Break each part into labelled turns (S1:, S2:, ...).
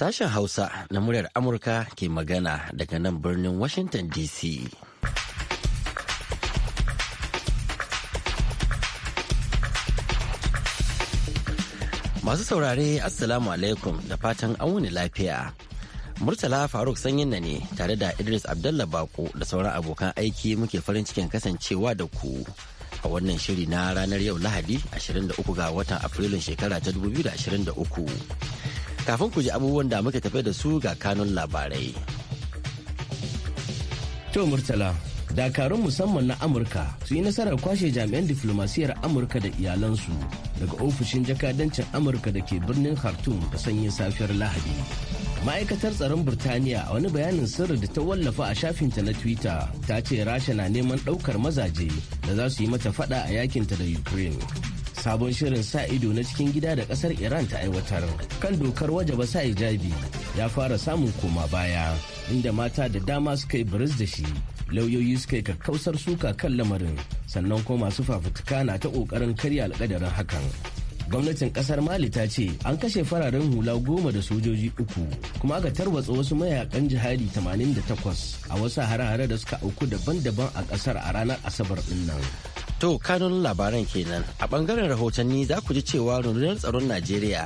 S1: Sashen Hausa na muryar Amurka ke magana daga nan birnin Washington DC. Masu saurare Assalamu alaikum da fatan wuni lafiya. Murtala Faruk sanyin na ne tare da Idris Abdullah Bako da sauran abokan aiki muke farin cikin kasancewa da ku. a wannan shiri na ranar yau lahadi 23 ga watan afrilun shekara ta 2023 Kafin ku ji abubuwan da muke tafe da su ga kanun labarai.
S2: To Murtala, dakarun musamman na Amurka su yi nasarar kwashe jami'an diflomasiyar Amurka da iyalansu daga ofishin jakadancin Amurka da ke birnin Khartoum da sanyin safiyar Lahadi. ma'aikatar tsaron Birtaniya a wani bayanin sirri da ta wallafa a shafinta na twitter ta ce rasha na neman ɗaukar mazaje da za su yi mata fada a yakinta da ukraine sabon shirin sa ido na cikin gida da kasar iran ta aiwatar kan dokar wajaba sa hijabi ya fara samun koma baya inda mata da dama suka yi biris da shi lauyoyi suka yi kakkausar suka kan lamarin sannan kuma masu fafutuka na ta kokarin karya alkadarin hakan gwamnatin kasar mali ta ce an kashe fararen hula goma da sojoji uku kuma aka tarwatsa wasu mayakan jihadi 88 a wasu hare-hare da
S1: suka auku daban-daban a kasar a ranar asabar din To kanun labaran kenan a bangaren rahotanni za ku ji cewa rundunar tsaron Najeriya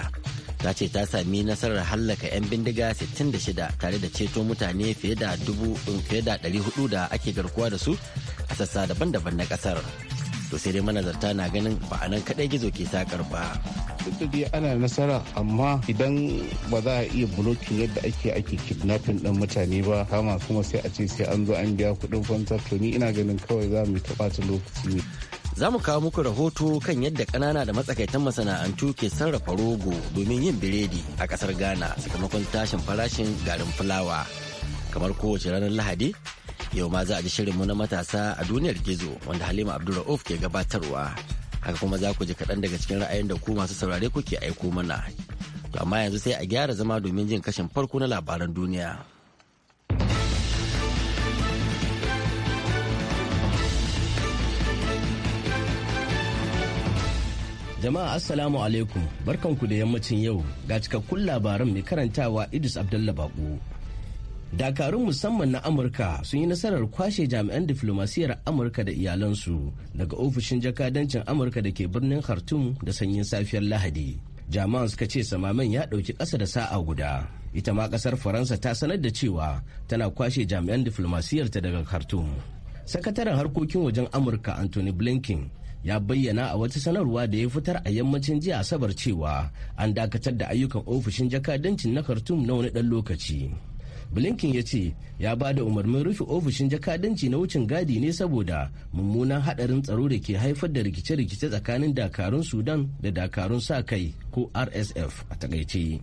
S1: ta ce ta sami nasarar hallaka 'yan bindiga 66 tare da ceto mutane fiye da 400 da ake garkuwa da su a sassa daban-daban na kasar. to sai dai manazarta na ganin ba a nan kaɗai gizo ke sakar ba. duk da ana nasara amma idan ba
S3: za a iya blocking yadda ake ake kidnapping dan mutane ba kama kuma sai a ce sai an zo an biya kuɗin fanta to ni ina ganin kawai za mu taba ta lokaci ne.
S1: Za mu kawo muku rahoto kan yadda kanana da matsakaitan masana'antu ke sarrafa rogo domin yin biredi a kasar Ghana sakamakon tashin farashin garin fulawa. Kamar kowace ranar Lahadi, Yau ma za a ji shirinmu na matasa a duniyar gizo wanda Halima Abdulra'uf ke gabatarwa. Haka kuma za ku ji kaɗan daga cikin ra'ayin da ku masu saurare kuke aiko mana. To amma yanzu sai a gyara zama domin jin kashin farko na labaran duniya.
S2: Jama'a Assalamu alaikum barkanku da yammacin yau ga cikakkun labaran mai karantawa Idris Abdullahi Baku. dakarun musamman na amurka sun yi nasarar kwashe jami'an diflomasiyyar amurka da iyalansu daga ofishin jakadancin amurka da ke birnin khartoum da sanyin safiyar lahadi jama'an suka ce samamen ya ɗauki ƙasa da sa'a guda ita ma ƙasar faransa ta sanar da cewa tana kwashe jami'an diflomasiyarta daga khartoum sakataren harkokin wajen amurka anthony blinken ya bayyana a wata sanarwa da ya fitar a yammacin jiya asabar cewa an dakatar da ayyukan ofishin jakadancin na khartoum na wani ɗan lokaci blinken ya ce ya ba da umarnin rufe ofishin jakadanci na wucin gadi ne saboda mummunan hadarin tsaro da ke haifar da rikice-rikice tsakanin dakarun sudan da dakarun sa kai ko rsf a takaice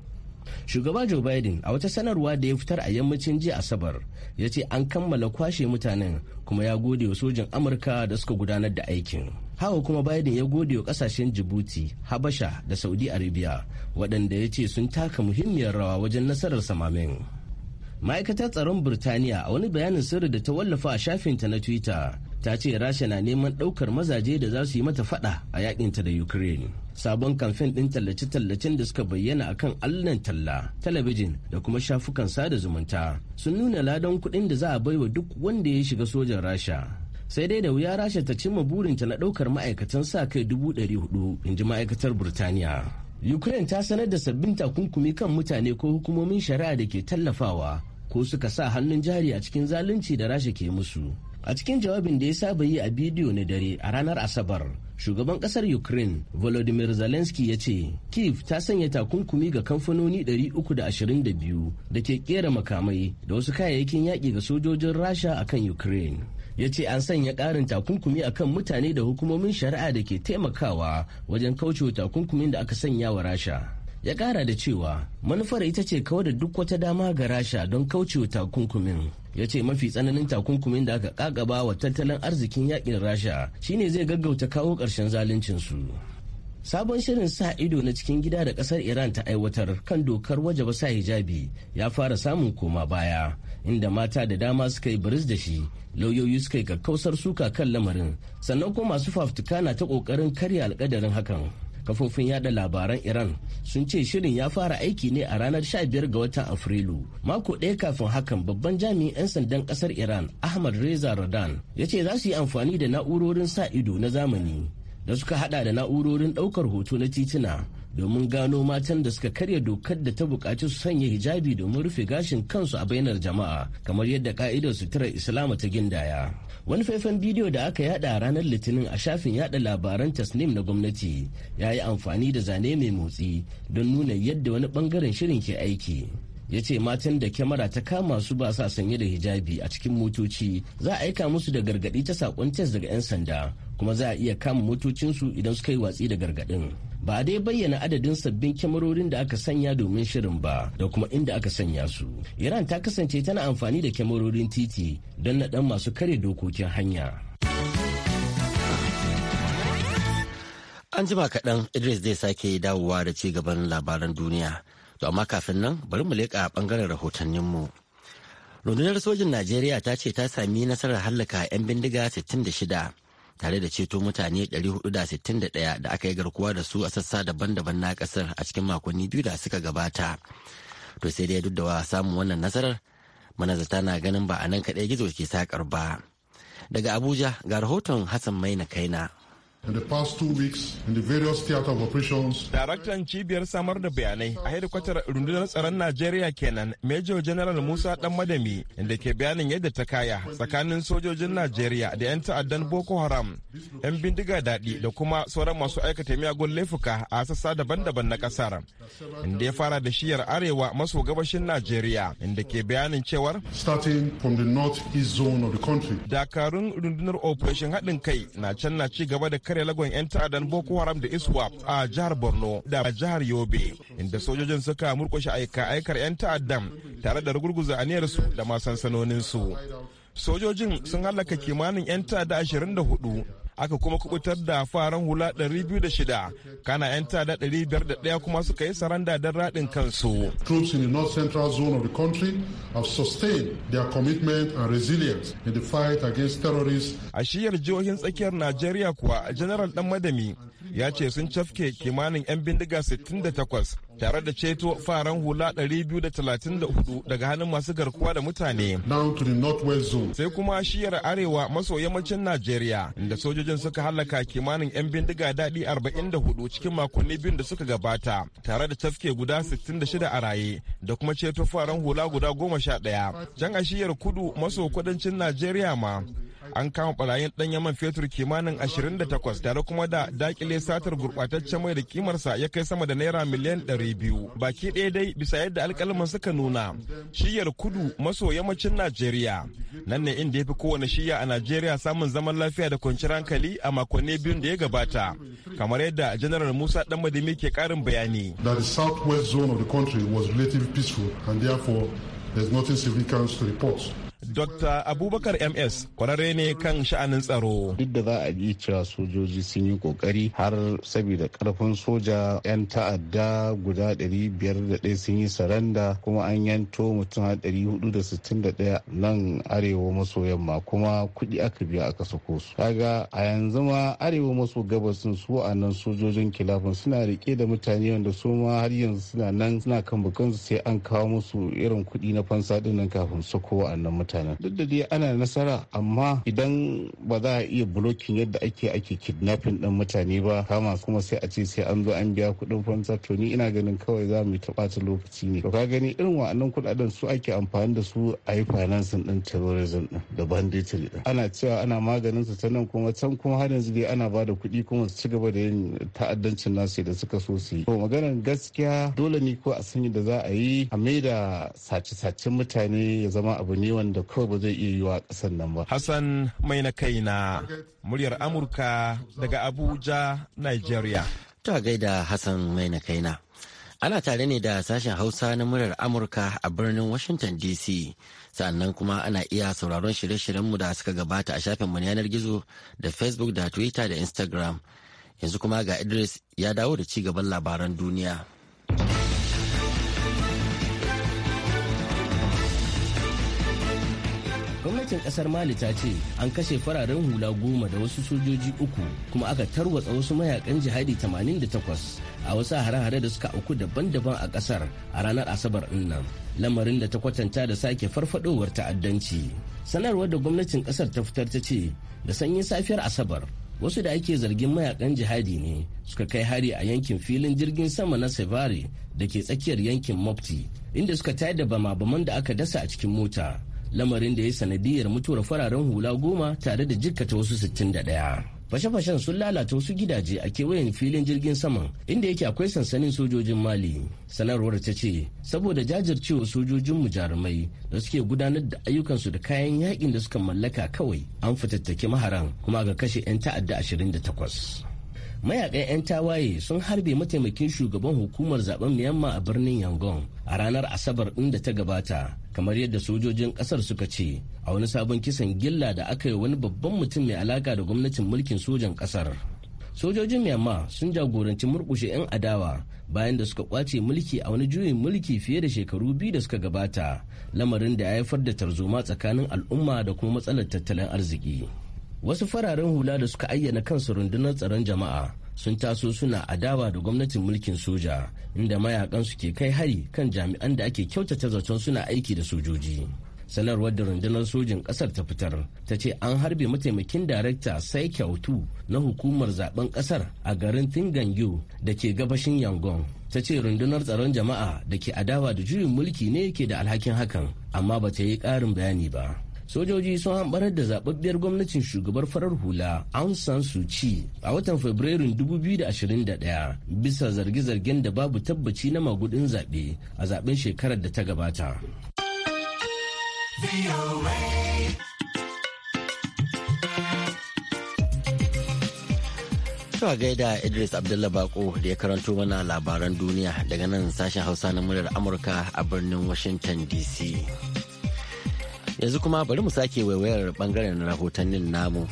S2: shugaba joe biden a wata sanarwa da ya fitar a yammacin jiya asabar ya ce an kammala kwashe mutanen kuma ya gode wa sojin amurka da suka gudanar da aikin hawa kuma biden ya gode wa kasashen jibuti habasha da saudi arabia waɗanda ya ce sun taka muhimmiyar rawa wajen nasarar samamin ma'aikatar tsaron birtaniya a wani bayanin sirri da ta wallafa a shafinta na twitter ta ce rasha na neman ɗaukar mazaje da za su yi mata fada a yakinta da ukraine sabon kamfen ɗin tallace-tallacen da suka bayyana a kan allon talla talabijin da kuma shafukan sada zumunta sun nuna ladan kuɗin da za a baiwa duk wanda ya shiga sojan rasha sai dai da wuya rasha ta cimma burinta na ɗaukar ma'aikatan sa kai dubu ɗari hudu in ji ma'aikatar burtaniya ukraine ta sanar da sabbin takunkumi kan mutane ko hukumomin shari'a da ke tallafawa ko suka sa hannun jari a cikin zalunci da rasha ke musu a cikin jawabin da ya saba yi a bidiyo na dare a ranar asabar shugaban kasar ukraine volodymyr zelensky ya ce kiev ta sanya takunkumi ga kamfanoni 322 da ke kera makamai da wasu kayayyakin yaƙi ga sojojin rasha a kan ukraine ya ce an sanya ƙarin takunkumi a kan mutane da hukumomin shari'a da ke taimakawa wajen kaucewa takunkumin da aka sanya wa rasha ya kara da cewa manufar ita ce kawar da duk wata dama ga rasha don kaucewa takunkumin ya ce mafi tsananin takunkumin da aka ba wa tattalin arzikin yakin rasha shine zai gaggauta kawo ƙarshen zaluncinsu sabon shirin sa ido na cikin gida da kasar iran ta aiwatar kan dokar wajaba sa hijabi ya fara samun koma baya inda mata da dama suka yi biris da shi lauyoyi suka yi kakkausar suka kan lamarin sannan kuma masu fafutuka na ta kokarin karya alkadarin hakan kafofin yada labaran iran sun ce shirin ya fara aiki ne a ranar 15 ga watan afrilu mako ɗaya kafin hakan babban jami'in 'yan sandan ƙasar iran ahmad reza radan ya ce za su yi amfani da na'urorin sa ido na zamani da suka hada da na'urorin ɗaukar hoto na titina domin gano matan da suka karya dokar da ta bukaci su sanya hijabi domin rufe gashin kansu a bainar jama'a kamar yadda ka'idar suturar islama ta gindaya wani faifan bidiyo da aka yada ranar litinin a shafin yada labaran tasnim na gwamnati ya yi amfani da zane mai motsi don nuna yadda wani bangaren shirin ke aiki ya ce matan da kyamara ta kama su ba sa sanye da hijabi a cikin motoci za a aika musu da gargadi ta saƙon tes daga 'yan sanda kuma za a iya kama motocinsu idan suka yi watsi da gargadin ba a dai bayyana adadin sabbin kyamarorin da aka sanya domin shirin ba da kuma inda aka sanya su iran ta kasance tana amfani da kyamarorin titi don naɗan masu
S1: kare dokokin hanya an jima kaɗan idris zai sake dawowa da ci gaban labaran duniya to amma kafin nan bari mu leƙa ɓangaren rahotanninmu rundunar sojin najeriya ta ce ta sami nasarar hallaka 'yan bindiga 66 tare da ceto mutane 461 da aka yi garkuwa da su a sassa daban-daban na kasar a cikin makonni biyu da suka gabata to sai dai duk da samun wannan nasarar manazata na ganin ba a nan kaɗai gizo ke sakar ba daga abuja ga rahoton hassan maina kaina the past the
S4: various Daraktan cibiyar samar da bayanai a hedikwatar rundunar tsaron Najeriya kenan Major General Musa Dan Madami inda ke bayanin yadda ta kaya tsakanin sojojin Najeriya da 'yan ta'addan Boko Haram, 'yan bindiga daɗi da kuma sauran masu aikata miyagun laifuka a sassa daban-daban na kasar Inda ya fara da shiyar arewa maso gabashin Najeriya inda ke bayanin cewar the north east zone Dakarun rundunar operation haɗin kai na can na ci gaba da karya lagon 'yan ta'addan Boko Haram da Iswa a jihar Borno da jihar Yobe inda sojojin suka murkushe aika aikar 'yan ta'addan tare da rugurguza aniyarsu da ma su Sojojin sun hallaka kimanin 'yan ta'adda 24 aka kuma kubutar da faran hula 206 kana 'yan tada 501 kuma suka yi saranda don raɗin kansu. Troops in the north central zone of the country have sustained their commitment and resilience in the fight against terrorists. A shiyar jihohin tsakiyar Najeriya kuwa General Dan Madami ya ce sun cafke kimanin 'yan bindiga 68 tare da ceto faran hula 234 daga hannun masu garkuwa da mutane. Sai kuma shiyar arewa maso yammacin Najeriya da sojojin suka halaka kimanin 'yan bindiga daɗi 44 cikin makonni biyun da suka gabata tare da cafke guda 66 a raye da kuma ceto faran hula guda 11. Can a shiyar kudu maso kudancin Najeriya ma an kama barayin dan yaman fetur kimanin 28 tare kuma da dakile satar gurɓataccen mai da kimarsa ya kai sama da naira miliyan 200 baki ɗaya dai bisa yadda alƙalman suka nuna shiyar kudu maso yammacin najeriya nan ne inda ya fi kowane shiya a najeriya samun zaman lafiya da kwanciyar hankali a makonni biyun da ya gabata kamar yadda janaral musa dan madimi ke karin bayani south west zone of was relatively peaceful and therefore there's nothing significant to report Dr. Abubakar MS
S3: kwararre ne kan sha'anin tsaro. Duk da za a bi cewa sojoji sun yi kokari har saboda karfin soja 'yan ta'adda guda 501 sun yi saranda kuma an yanto mutum 461 nan arewa maso yamma kuma kuɗi aka biya aka sako su. Kaga a yanzu ma arewa maso gabasin su a nan sojojin kilafin suna rike da mutane wanda su ma har yanzu suna nan suna kan bukansu sai an kawo musu irin kuɗi na fansa ɗin nan kafin sako a nan mutane. mutanen duk da dai ana nasara amma idan ba za a iya blocking yadda ake ake kidnapping din mutane ba kama kuma sai a ce sai an zo an biya kudin fansa to ni ina ganin kawai za mu ta lokaci ne to ka gani irin wa'annan kudaden su ake amfani da su a yi financing din terrorism din da banditry din ana cewa ana maganin su ta nan kuma can kuma har yanzu dai ana bada kuɗi kuma su ci gaba da yin ta'addancin nasu da suka so su yi to maganar gaskiya dole ne ko a sanya da za a yi a maida sace-sacen mutane ya zama abu ne wanda kawai ba zai iya yiwa kasan nan ba.
S4: Hassan
S1: mai na kai na muryar Amurka daga Abuja, Nigeria. Ta gaida Hassan mai na kai na. Ana tare ne da sashen Hausa na muryar Amurka a birnin Washington DC. Sannan kuma ana iya sauraron shirye-shiryenmu da suka gabata a shafinmu na yanar gizo da Facebook da Twitter da Instagram. Yanzu kuma ga Idris ya dawo da ci gaban labaran duniya.
S2: gwamnatin kasar mali ta ce an kashe fararen hula goma da wasu sojoji uku kuma aka tarwatsa wasu mayakan jihadi 88 a wasu hare-hare da suka auku daban-daban a kasar a ranar asabar nan lamarin da ta kwatanta da sake farfadowar ta'addanci sanarwar da gwamnatin kasar ta fitar ta ce da sanyin safiyar asabar wasu da ake zargin mayakan jihadi ne suka kai hari a yankin filin jirgin sama na sevare da ke tsakiyar yankin mopti inda suka tayar da bama-baman da aka dasa a cikin mota lamarin da ya sanadiyar mutuwar fararen hula goma tare da jikkata wasu 61 fashe-fashen sun lalata wasu gidaje a kewayen filin jirgin saman inda yake akwai sansanin sojojin mali sanarwar ta ce saboda jajircewa sojojin mu jarumai da suke gudanar da ayyukansu da kayan yakin da suka mallaka kawai an fitattaki maharan kuma ga kashe 'yan ta'adda 28 mayakan 'yan tawaye sun harbe mataimakin shugaban hukumar zaben miyamma a birnin yangon a ranar asabar ɗin da ta gabata kamar yadda sojojin kasar suka ce a wani sabon kisan gilla da aka yi wani babban mutum mai alaka da gwamnatin mulkin sojan kasar. sojojin miyamma sun jagoranci murkushe 'yan adawa bayan da suka kwace mulki a wani juyin mulki fiye da shekaru biyu da suka gabata lamarin da ya haifar da tarzoma tsakanin al'umma da kuma matsalar tattalin arziki wasu fararen hula da suka ayyana kansu rundunar tsaron jama'a sun taso suna adawa da gwamnatin mulkin soja inda mayakan su ke kai hari kan jami'an da ake kyautata zaton suna aiki da sojoji sanarwar da rundunar sojin kasar ta fitar ta ce an harbe mataimakin darakta sai kyautu na hukumar zaben kasar a garin tingangyo da ke gabashin yangon ta ce rundunar tsaron jama'a da ke adawa da juyin mulki ne ke da alhakin hakan amma ba ta yi ƙarin bayani ba sojoji sun hambarar da zababbiyar gwamnatin shugabar farar hula Aung San Suu Kyi a watan Fabrairun 2021 bisa zarge-zargen da babu tabbaci na magudin zaɓe a zaben shekarar da
S1: ta gabata. Suka gaida Idris Abdullah Bako da ya karanto mana labaran duniya daga nan sashen Hausa na muryar Amurka a birnin Washington DC. yanzu kuma bari mu sake waiwayar bangaren rahotannin namu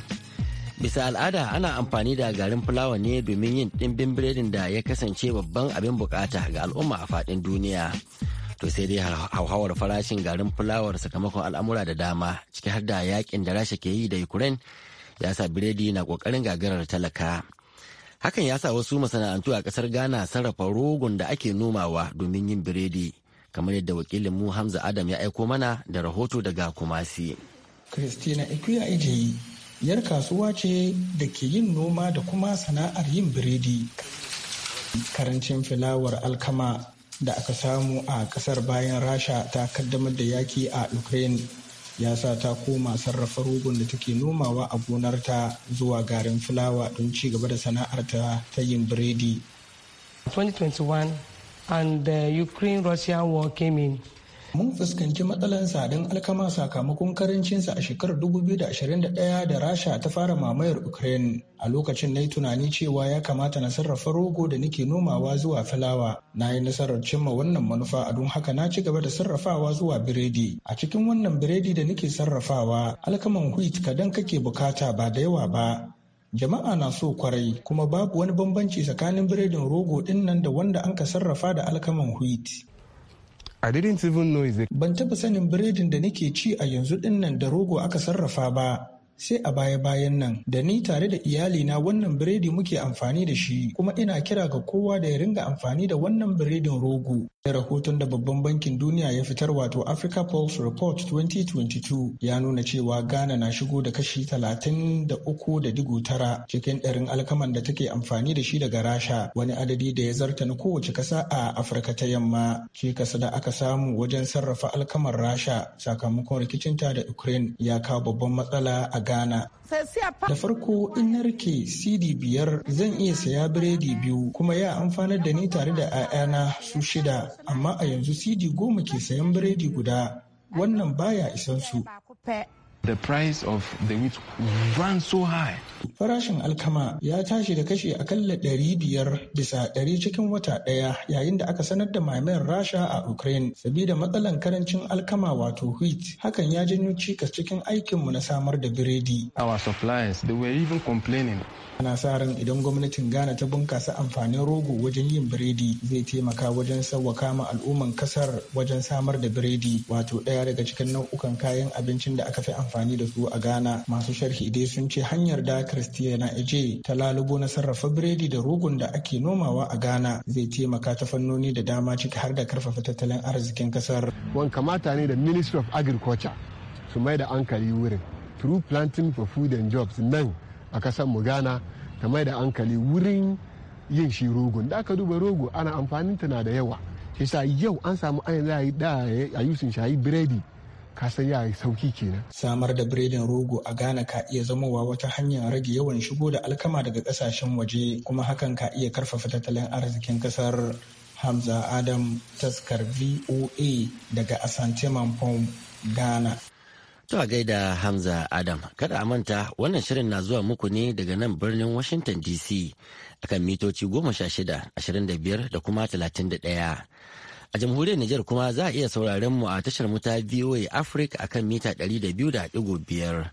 S1: bisa al'ada ana amfani da garin fulawa ne domin yin ɗimbin biredin da ya kasance babban abin bukata ga al'umma a faɗin duniya to sai dai hauhawar farashin garin fulawar sakamakon al'amura da dama ciki har da yakin da rasha ke yi da ukraine ya sa biredi na kokarin gagarar talaka hakan ya sa wasu masana'antu a ƙasar ghana sarrafa rogon da ake nomawa domin yin biredi kamar yadda wakilin mu Hamza Adam ya aiko mana da rahoto daga Kumasi.
S5: Christina Ikuya Ijeyi yar kasuwa ce da ke yin noma da kuma sana'ar yin biredi. Karancin filawar alkama da aka samu a kasar bayan Rasha ta kaddamar da yaki a Ukraine ya sa ta koma sarrafa rugun da take nomawa a gonarta zuwa garin filawa don ci gaba da sana'arta ta yin biredi. 2021 and the Ukraine Russia war came in. Mun fuskanci matsalar sadin alkama sakamakon karancinsa a shekarar 2021 da Rasha ta fara mamayar Ukraine. A lokacin na yi tunani cewa ya kamata na sarrafa rogo da nake nomawa zuwa filawa. Na yi nasarar cimma wannan manufa a don haka na ci gaba da sarrafawa zuwa biredi. A cikin wannan biredi da nake sarrafawa, alkaman wheat kadan kake bukata ba da yawa ba. jama'a na so kwarai kuma babu wani bambanci tsakanin biredin rogo din nan da wanda an ka sarrafa da alkaman wheat I Ban taba sanin biredin da nake ci a yanzu din nan da rogo aka sarrafa ba. Sai a baya-bayan nan da ni tare da iyalina wannan biredi muke amfani da shi kuma ina kira ga kowa da ya ringa amfani da wannan biredin rogo da rahoton da babban bankin duniya ya fitar wato africa pulse report 2022 ya nuna cewa ghana na shigo da kashi 33.9 cikin ɗarin alkaman da take amfani da shi daga rasha wani adadi da ya zarta na kowace ƙasa a afirka ta yamma kasa da aka samu wajen sarrafa alkaman rasha sakamakon rikicinta da ukraine ya kawo babban matsala a ghana da farko in na rike cd biyar zan iya saya biredi biyu kuma ya amfanar da ni tare da 'ya'yana su shida amma a yanzu cd goma ke sayan biredi guda wannan baya isan su
S3: The price of the
S5: wheat ran so high. Farashin alkama ya tashi da kashe akalla ɗari biyar bisa ɗari cikin wata ɗaya yayin da aka sanar da mamayar Rasha a Ukraine sabida matsalan karancin alkama wato wheat. Hakan ya janyo cikas cikin aikinmu na samar da biredi. Our suppliers, they were even complaining ana sa ran idan gwamnatin ghana ta bunkasa amfanin rogo wajen yin biredi zai taimaka wajen sauwaka ma al'umman kasar wajen samar da biredi wato ɗaya daga cikin nau'ukan kayan abincin da aka fi amfani da su a ghana masu sharhi dai sun ce hanyar da christiana eje ta lalubo na sarrafa biredi da rogon da ake nomawa a ghana zai taimaka ta fannoni da dama ciki har da karfafa tattalin arzikin kasar
S3: wan kamata ne da ministry of agriculture su mai da ankali wurin through planting for food and jobs nan a kasar mu ghana ta mai da hankali wurin yin shi rogo da aka duba rogo ana amfanin ta na da yawa yasa yau an samu ayin za a yi sun shayi biredi ka san ya yi sauki kenan samar da biredin rogo a ghana
S5: ka iya zamowa wata hanyar rage yawan shigo da alkama daga kasashen waje kuma hakan ka iya karfafa tattalin arzikin kasar hamza adam taskar voa daga asante mampong ghana
S1: To a gaida Hamza Adam, kada a manta wannan shirin na zuwa muku ne daga nan birnin Washington DC akan mitoci goma sha shida, ashirin da biyar da kuma talatin da ɗaya. A jamhuriyar Nijar kuma za a iya sauraren mu a tashar muta VOA Africa akan mita ɗari da biyu da ɗigo biyar.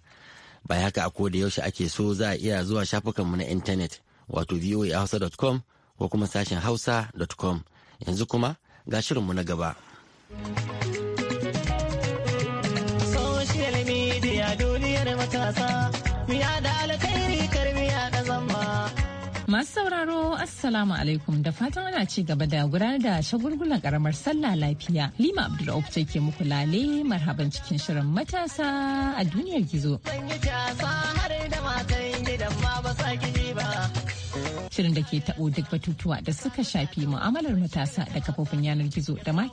S1: Bai haka a da yaushe ake so za a iya zuwa shafukanmu na intanet wato voahausa.com ko kuma sashen hausa.com yanzu kuma ga shirinmu na gaba.
S6: da alkhairi da zamba. Masu sauraro Assalamu alaikum da fatan ana ci gaba da gudanar da shagulgulan karamar sallah lafiya. Lima Abdulrahman ce ke muku lale marhaban cikin shirin matasa a duniyar gizo. Ban yi
S1: har da matai.
S6: shirin da ke taɓo duk batutuwa da suka shafi mu'amalar matasa da kafofin yanar gizo da ma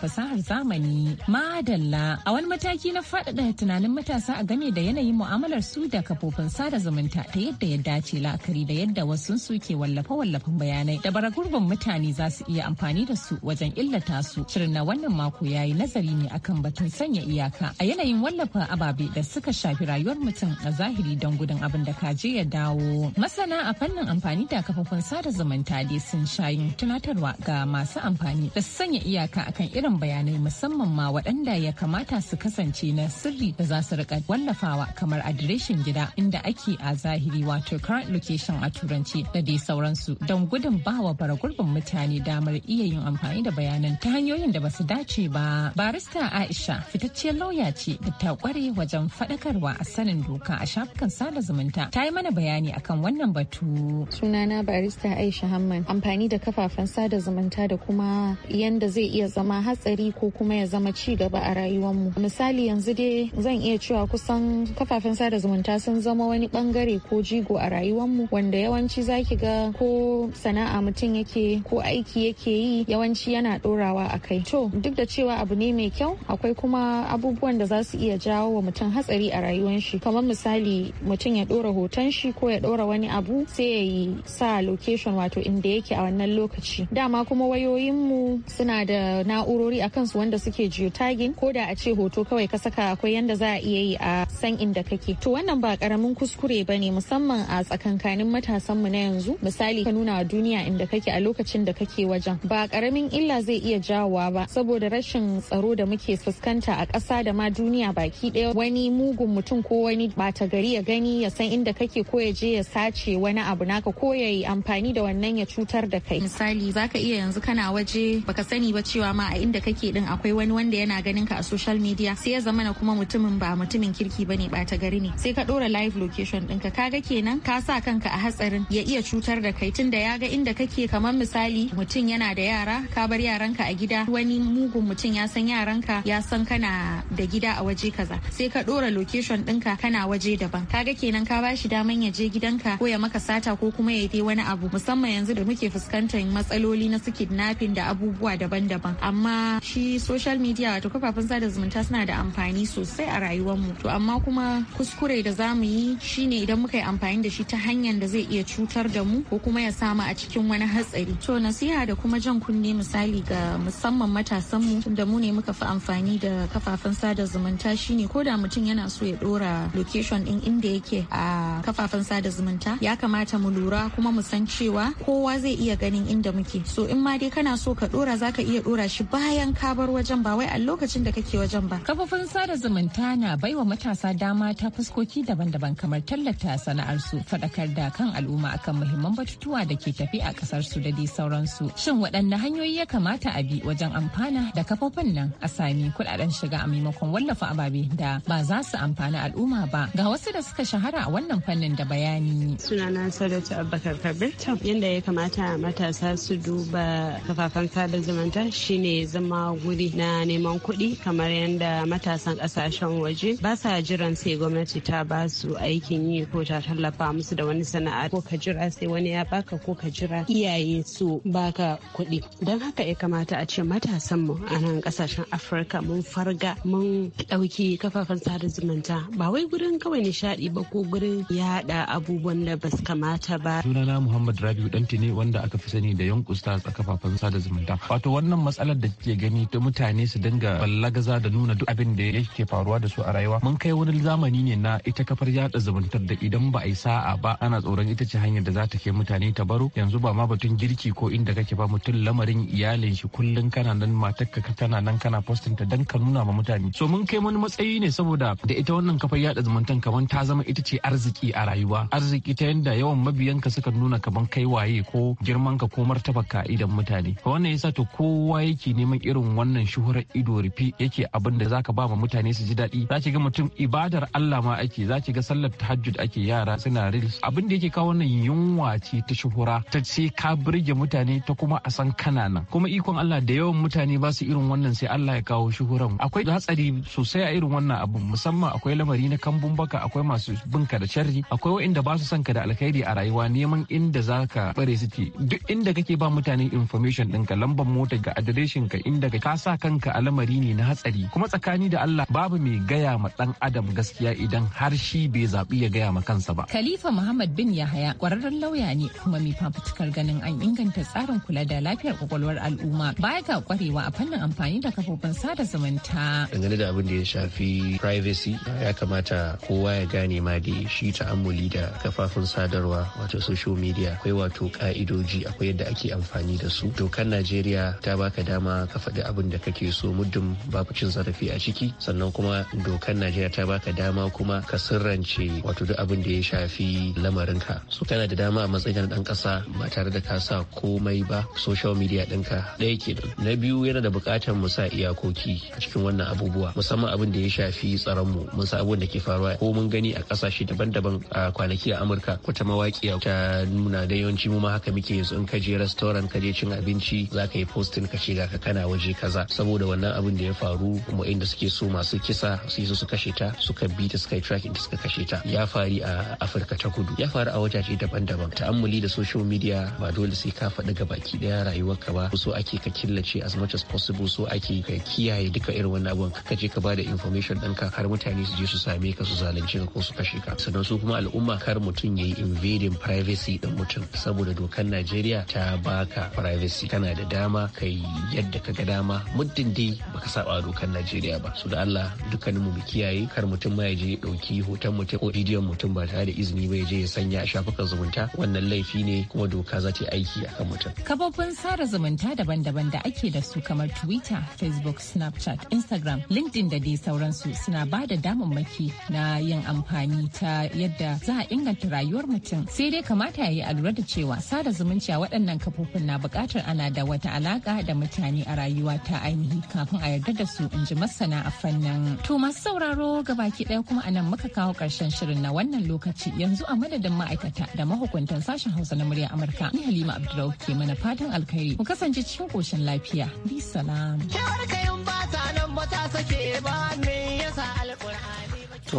S6: fasahar zamani. Madalla a wani mataki na faɗaɗa tunanin matasa a game da yanayin mu'amalar su da kafofin sada zumunta ta yadda ya dace la'akari da yadda wasu su ke wallafe-wallafen bayanai da bara gurbin mutane za su iya amfani da su wajen illata su. Shirin na wannan mako ya yi nazari ne akan batun sanya iyaka a yanayin wallafa ababe da suka shafi rayuwar mutum a zahiri don gudun abin da ka je ya dawo. Masana a fannin amfani da kafafen sada zumunta dai sun shayin tunatarwa ga masu amfani da sanya iyaka akan irin bayanai musamman ma waɗanda ya kamata su kasance na sirri da za su rika wallafawa kamar adireshin gida inda ake a zahiri wato current location a turanci da dai sauransu don gudun bawa bara gurbin mutane damar iya yin amfani da bayanan ta hanyoyin da basu dace ba barista aisha fitacciyar lauya ce da ta kware wajen faɗakarwa a sanin doka a shafukan sada zumunta ta yi mana bayani akan wannan batu
S7: sunana barista Aisha Hamman amfani da kafafen sada zumunta da kuma yanda zai iya zama hatsari ko kuma ya zama ci gaba a rayuwarmu. Misali yanzu dai zan iya cewa kusan kafafen sada zumunta sun zama wani bangare ko jigo a rayuwarmu wanda yawanci zaki ga ko sana'a mutum yake ko aiki yake yi yawanci yana dorawa a kai. To duk da cewa abu ne mai kyau akwai kuma abubuwan da za su iya jawo wa mutum hatsari a rayuwar shi kamar misali mutum ya dora hoton shi ko ya dora wani abu sai ya yi sa a location wato inda yake a wannan lokaci dama kuma wayoyinmu suna da na'urori a kansu wanda suke geotagging ko da a ce hoto kawai ka saka akwai yanda za a iya yi a san inda kake to wannan ba karamin kuskure ba ne musamman a tsakankanin matasanmu na yanzu misali ka nuna wa duniya inda kake a lokacin da kake wajen ba karamin illa zai iya jawowa ba saboda rashin tsaro da muke fuskanta a ƙasa da ma duniya baki ɗaya wani mugun mutum ko wani bata gari ya gani ya san inda kake ko ya je ya sace wani abu naka ko ya kai amfani da wannan ya cutar da kai misali zaka iya yanzu kana waje baka sani ba cewa ma a inda kake din akwai wani wanda yana ganin ka a social media sai ya zamana kuma mutumin ba mutumin kirki bane bata gari ne sai ka dora live location ɗinka kaga kenan ka sa kanka a hatsarin ya iya cutar da kai tunda ya ga inda kake kamar misali mutum yana da yara ka bar yaranka a gida wani mugun mutum ya san yaran ka ya san kana da gida a waje kaza sai ka dora location ɗinka kana waje daban kaga kenan ka bashi daman ya je gidanka ko ya maka sata ko kuma ya je yi wani abu musamman yanzu da muke fuskantar matsaloli na su kidnapping da abubuwa daban-daban amma shi social media wato kafafen sada zumunta suna da amfani sosai a rayuwar mu to amma kuma kuskure da za mu yi shine idan muka yi amfani da shi ta hanyar da zai iya cutar da mu ko kuma ya samu a cikin wani hatsari to nasiha da kuma jan kunne misali ga musamman matasan mu mu ne muka fi amfani da kafafen sada zumunta shine ko da mutum yana so ya dora location din inda yake a kafafen sada zumunta ya kamata mu lura kuma mu san cewa kowa zai iya ganin inda muke so in ma dai kana so ka dora zaka iya dora shi bayan ka bar wajen ba wai a lokacin da kake wajen ba kafofin sada zumunta na baiwa matasa dama ta fuskoki daban-daban
S6: kamar tallata sana'arsu faɗakar da kan al'umma akan muhimman batutuwa da ke tafi a kasar su da dai su. shin waɗanne hanyoyi ya kamata a bi wajen amfana da kafofin nan a sami kuɗaɗen shiga a maimakon wallafa ababe da ba za su amfana al'umma ba ga wasu da suka shahara a wannan fannin da bayani sunana sadatu abubakar kabirta yadda ya kamata matasa su duba kafafen sada zumunta shine zama guri na neman kuɗi kamar yadda matasan ƙasashen waje ba sa jiran sai gwamnati ta ba su aikin yi ko ta tallafa musu da wani sana'a ko ka jira sai wani ya baka ko ka jira iyaye su baka kuɗi don haka ya kamata a ce matasanmu a nan ƙasashen afirka
S8: mun farga mun ɗauki kafafen sada zumunta ba wai gurin kawai nishaɗi ba ko gurin yaɗa abubuwan da ba su kamata ba.
S9: sunana Muhammad Rabiu Danti ne wanda aka fi sani da ta a kafafen sada zumunta. Wato wannan matsalar da ke gani ta mutane su dinga ballagaza da nuna duk abin da yake faruwa da su a rayuwa. Mun kai wani zamani ne na ita kafar yada zumuntar da idan ba a yi sa'a ba ana tsoron ita ce hanyar da za ta ke mutane ta baro. Yanzu ba ma batun girki ko inda kake ba mutum lamarin iyalin shi kullum kana nan ka tana nan kana postin ta dan ka nuna ma mutane. So mun kai wani matsayi ne saboda da ita wannan kafar yada zumuntar kamar ta zama ita ce arziki a rayuwa. Arziki ta yanda yawan mabiyanka suka nuna kaman kai waye ko girman ka ko martaba ka idan mutane wannan yasa to kowa yake neman irin wannan shuhurar ido rufi yake abin da zaka ba ma mutane su ji daɗi za ki ga mutum ibadar Allah ma ake za ki ga sallar tahajjud ake yara suna reels abin da yake kawo wannan yunwa ce ta shuhura ta ce ka burge mutane ta kuma a san kana nan kuma ikon Allah da yawan mutane ba su irin wannan sai Allah ya kawo shuhuran akwai hatsari sosai a irin wannan abu musamman akwai lamari na kambun baka akwai masu binka da sharri akwai waɗanda ba su son ka da alkhairi a rayuwa neman inda za ka bare suke duk inda kake ba mutane information ɗinka lambar mota ga adireshin ka inda ka sa kanka a lamari ne na hatsari kuma tsakani da Allah babu mai gaya ma ɗan adam gaskiya idan har shi bai zaɓi ya gaya ma kansa ba.
S6: Khalifa Muhammad bin Yahaya kwararren lauya ne kuma mai fafutukar ganin an inganta tsarin kula da lafiyar kwakwalwar al'umma baya ga kwarewa a fannin amfani da kafofin sada zumunta.
S10: Dangane da abin da ya shafi privacy ya kamata kowa ya gane ma da shi ta'ammuli da kafafun sadarwa wato social media akwai wato ka'idoji akwai yadda ake amfani da su dokar najeriya ta baka dama ka faɗi abin da kake so muddin babu cin zarafi a ciki sannan kuma dokar najeriya ta baka dama kuma ka sirrance wato duk abin da ya shafi lamarin ka su kana da dama a matsayin ɗan ƙasa ba tare da ka sa komai ba social media ɗinka ɗaya ke na biyu yana da buƙatar mu sa iyakoki a cikin wannan abubuwa musamman abin da ya shafi tsaronmu mun sa abin da ke faruwa ko mun gani a ƙasashe daban-daban a kwanaki a amurka wata mawaƙiya ta nuna da yawanci mu ma haka muke yanzu in ka je restaurant ka je cin abinci za ka yi posting ka ce ka kana waje kaza saboda wannan abin da ya faru kuma inda suke so masu kisa su yi su kashe ta suka bi ta suka yi tracking suka kashe ta ya faru a Afirka ta Kudu ya faru a wajaje daban-daban ta'ammuli da social media ba dole sai ka faɗi ga baki ɗaya rayuwarka ba so ake ka killace as much as possible so ake ka kiyaye duka irin wannan abin ka je ka ba da information ka har mutane su je su same ka su zalunce ka ko su kashe ka sannan su kuma al'umma kar mutum ya yi invading privacy privacy din mutum saboda dokar najeriya ta baka privacy kana da dama ka yadda ka ga dama muddin dai baka saba dokar najeriya ba su da allah dukkaninmu mu kiyaye kar mutum ma ya je dauki hoton mutum ko bidiyon mutum ba tare da izini ba ya je ya sanya a shafukan zumunta wannan laifi ne kuma doka za ta yi aiki akan mutum
S6: kafofin sada zumunta daban-daban da ake da su kamar twitter facebook snapchat instagram linkedin da dai sauransu suna ba da damammaki na yin amfani ta yadda za a inganta rayuwar mutum sai dai kamata kiyaye a lura da cewa sada zumunci a waɗannan kafofin na buƙatar ana da wata alaƙa da mutane a rayuwa ta ainihi kafin a yarda da su in ji masana a fannin. To masu sauraro ga baki ɗaya kuma anan muka kawo ƙarshen shirin na wannan lokaci yanzu a madadin ma'aikata da mahukuntan sashen Hausa na murya Amurka. Ni Halima Abdulrahman ke mana fatan alkhairi. Mu kasance cikin koshin lafiya. Bi Kyawar kayan ba nan ba ta sake ba me yasa alƙura.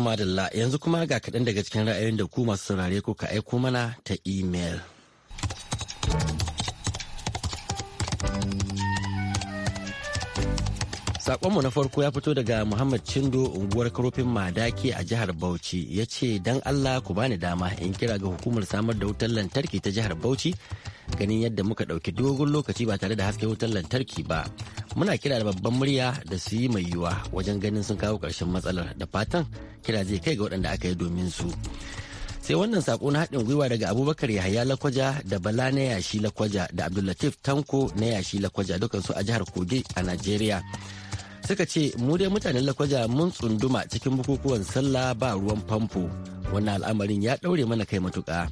S1: madalla yanzu kuma ga kaɗan daga cikin ra'ayoyin da ku masu saurare ku ka aiko mana ta imel. Sakonmu na farko ya fito daga Muhammad Chindo unguwar karofin Madaki a jihar Bauchi ya ce don Allah ku bani dama in kira ga hukumar samar da wutar lantarki ta jihar Bauchi ganin yadda muka dauki dogon lokaci ba tare da haske wutar lantarki ba. Muna kira da babban murya da su yi mai yiwuwa wajen ganin sun kawo karshen matsalar da fatan kira zai kai ga waɗanda aka yi domin su. sai wannan sako na haɗin gwiwa daga abubakar yahaya lakwaja da bala na yashi lakwaja da abdullatif tanko na yashi lakwaja dukansu a jihar kogi a najeriya suka ce mu dai mutanen lakwaja mun tsunduma cikin bukukuwan sallah ba ruwan famfo wannan al'amarin ya ɗaure mana kai matuƙa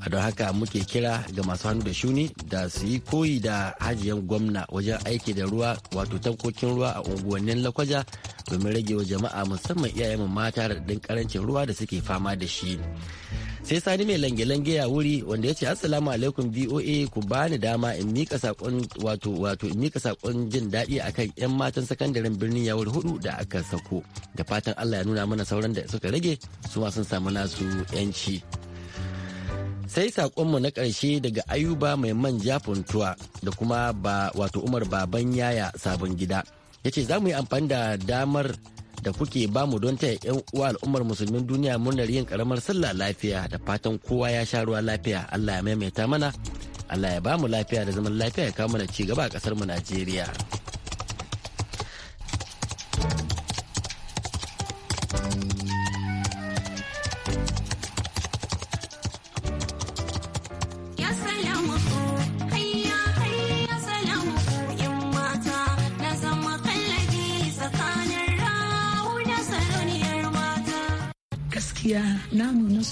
S1: a don haka muke kira ga masu hannu da shuni da su yi koyi da hajiyan gwamna wajen aiki da ruwa wato tankokin ruwa a unguwannin lakwaja domin rage wa jama'a musamman iyayen mata da ɗin karancin ruwa da suke fama da shi sai sani mai lange-lange ya wuri wanda ya ce assalamu alaikum voa ku bani dama in mika sakon wato wato in mika sakon jin daɗi akan yan matan sakandaren birnin wuri hudu da aka sako da fatan allah ya nuna mana sauran da suka rage su sun samu nasu yanci sai saƙonmu na ƙarshe daga ayuba mai manja funtuwa da kuma ba wato umar baban yaya sabon gida ya ce za mu yi amfani da damar da kuke bamu don taya 'yan uwa al'ummar musulmin duniya murnar yin karamar sallah lafiya da fatan kowa ya sha ruwa lafiya allah ya maimaita mana allah ya bamu lafiya da zaman lafiya ya kawo mana ci gaba a kasar mu najeriya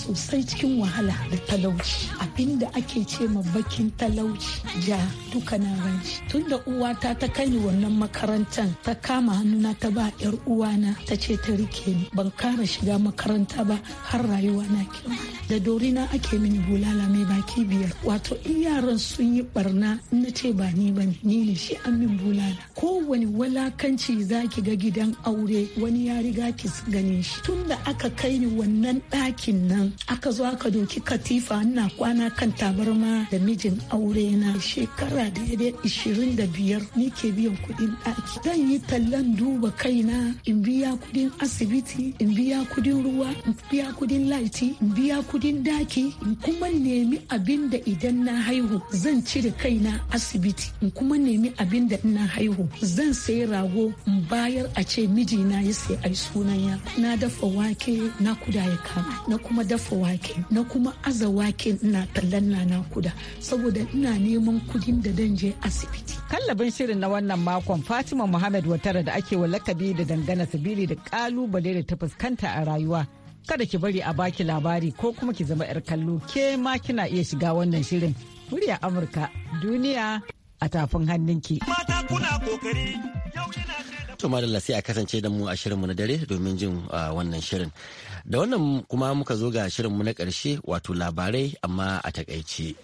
S8: sosai cikin wahala da talauci abinda ake ce ma bakin talauci ja duka na ranci tunda uwata ta kani wannan makarantar ta kama hannuna ta ba yar uwana ta ce ta rike ni ban kara shiga makaranta ba har rayuwa na kyau da dorina ake mini bulala mai baki biyar wato in yaran sun yi barna na ce ba ni ba ni ne shi an min bulala kowane walakanci za ki ga gidan aure wani ya riga ki ganin shi tun da aka kai ni wannan ɗakin nan aka zo aka doki katifa ina kwana kan tabarma da mijin aure na shekara da ya ishirin da biyar ni ke biyan kuɗin ɗaki zan yi tallan duba kaina in biya kuɗin asibiti in biya kuɗin ruwa in biya kuɗin laiti in biya kuɗin kudin daki in kuma nemi abin da idan na haihu zan cire na asibiti in kuma nemi abin da na haihu zan sayi rago in bayar a ce mijina ya sai ai sunan ya na dafa wake na kuda ya kama na kuma dafa wake na kuma aza wake ina tallan na na kuda saboda ina neman kudin da dan je asibiti kallabin shirin na wannan makon Fatima Muhammad Watara da ake wa lakabi da dangana sabili da kalubale da ta fuskanta a rayuwa kada ki bari a baki labari ko kuma ki zama 'yar kallo ke ma kina iya shiga wannan shirin murya amurka duniya a tafin hannunki
S1: to madalla sai a kasance da mu a shirinmu na dare domin jin wannan shirin da wannan kuma muka zo ga shirinmu na karshe wato labarai amma a takaice.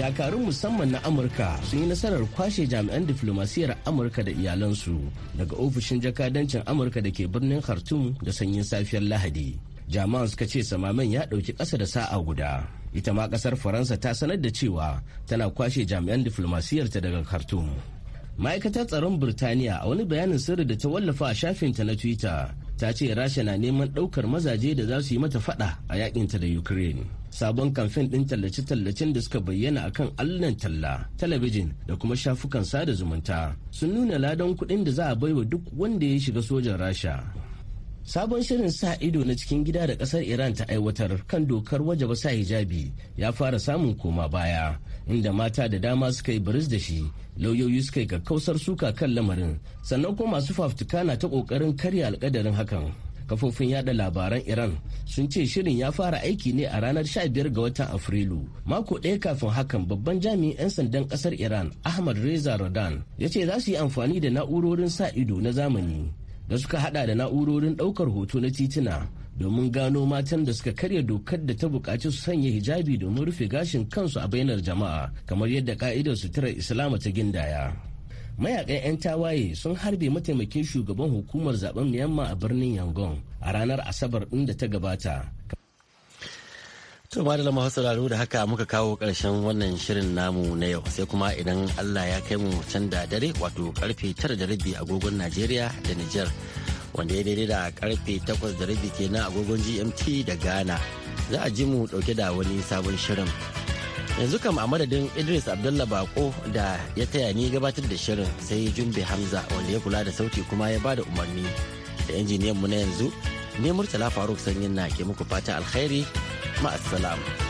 S1: dakarun musamman na
S2: amurka sun yi nasarar kwashe jami'an diflomasiyyar amurka da iyalansu daga ofishin jakadancin amurka da ke birnin khartoum da sanyin safiyar lahadi jama'an suka ce samamen ya ɗauki ƙasa da sa'a guda ita ma ƙasar faransa ta sanar da cewa tana kwashe jami'an diflomasiyarta daga khartoum ma'aikatar tsaron birtaniya a wani bayanin sirri da ta wallafa a shafinta na twitter ta ce rasha na neman ɗaukar mazaje da za su yi mata faɗa a yakinta da ukraine sabon kamfen ɗin tallace-tallacen da suka bayyana akan allon talla talabijin da kuma shafukan sada zumunta sun nuna ladan kuɗin da za a baiwa duk wanda ya shiga sojan rasha sabon shirin sa ido na cikin gida da kasar iran ta aiwatar kan dokar wajaba sa hijabi ya fara samun koma baya inda mata da dama suka yi baris da shi lauyoyi suka yi kakkausar suka kan lamarin sannan kuma masu fafutuka na ta kokarin karya alkadarin hakan kafofin yada labaran iran sun ce shirin ya fara aiki ne a ranar 15 ga watan afrilu mako ɗaya kafin hakan babban jami'in 'yan sandan ƙasar iran ahmad reza radan ya ce za su yi amfani da na'urorin sa ido na zamani da suka hada da na'urorin ɗaukar hoto na titina domin gano matan da suka karya dokar da ta buƙaci su sanya hijabi domin rufe gashin kansu a bainar jama'a kamar yadda ka'idar suturar islama ta gindaya mayakan 'yan tawaye sun harbe mataimakin shugaban hukumar zaben myanmar a birnin yangon a ranar asabar ɗin da ta gabata
S1: To madalla da sauraro da haka muka kawo ƙarshen wannan shirin namu na yau sai kuma idan Allah ya kai mu can da dare wato karfe tara da rabi agogon Najeriya da niger wanda ya daidai da karfe takwas da rabi kenan agogon GMT da Ghana za a ji mu dauke da wani sabon shirin. yanzu kam a madadin idris abdullah bako da ya taya ni gabatar da shirin sai jumbe hamza wanda ya kula da sauti kuma ya bada umarni da injiniyan mu na yanzu ne murtala faruk sanyin na ke muku fata alkhairi ma'assalam.